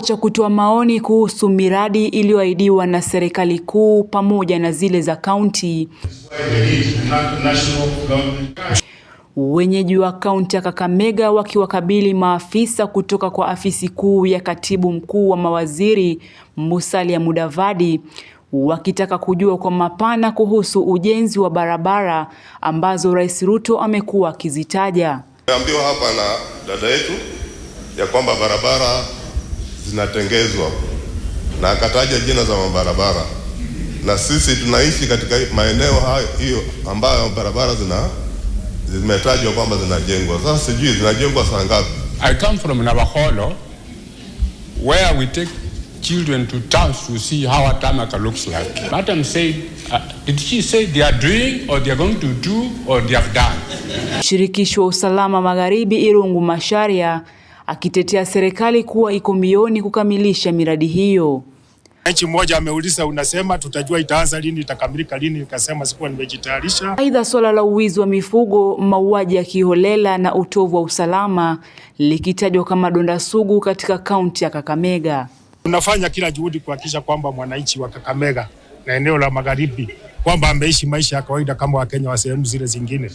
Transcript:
cha kutoa maoni kuhusu miradi iliyoahidiwa na serikali kuu pamoja na zile za kaunti. Wenyeji wa kaunti ya Kakamega wakiwakabili maafisa kutoka kwa afisi kuu ya katibu mkuu wa mawaziri Musalia Mudavadi wakitaka kujua kwa mapana kuhusu ujenzi wa barabara ambazo Rais Ruto amekuwa akizitaja. Naambiwa hapa na dada yetu ya kwamba barabara zinatengezwa, na akataja jina za mabarabara, na sisi tunaishi katika maeneo hayo hiyo ambayo barabara zina zimetajwa kwamba zinajengwa. Sasa sijui zinajengwa saa ngapi? I come from Navaholo where we take children to towns to see how a tamaka looks like. Madam said, uh, did she say they are doing or they are going to do or they have done? Shirikisho wa usalama magharibi Irungu Masharia akitetea serikali kuwa iko mbioni kukamilisha miradi hiyo. Nchi mmoja ameuliza, unasema tutajua itaanza lini, itakamilika lini? Nikasema sikuwa nimejitayarisha. Aidha, swala la uwizi wa mifugo, mauaji ya kiholela na utovu wa usalama likitajwa kama donda sugu katika kaunti ya Kakamega. Tunafanya kila juhudi kuhakikisha kwamba mwananchi wa Kakamega na eneo la magharibi kwamba ameishi maisha ya kawaida kama Wakenya wa sehemu zile zingine.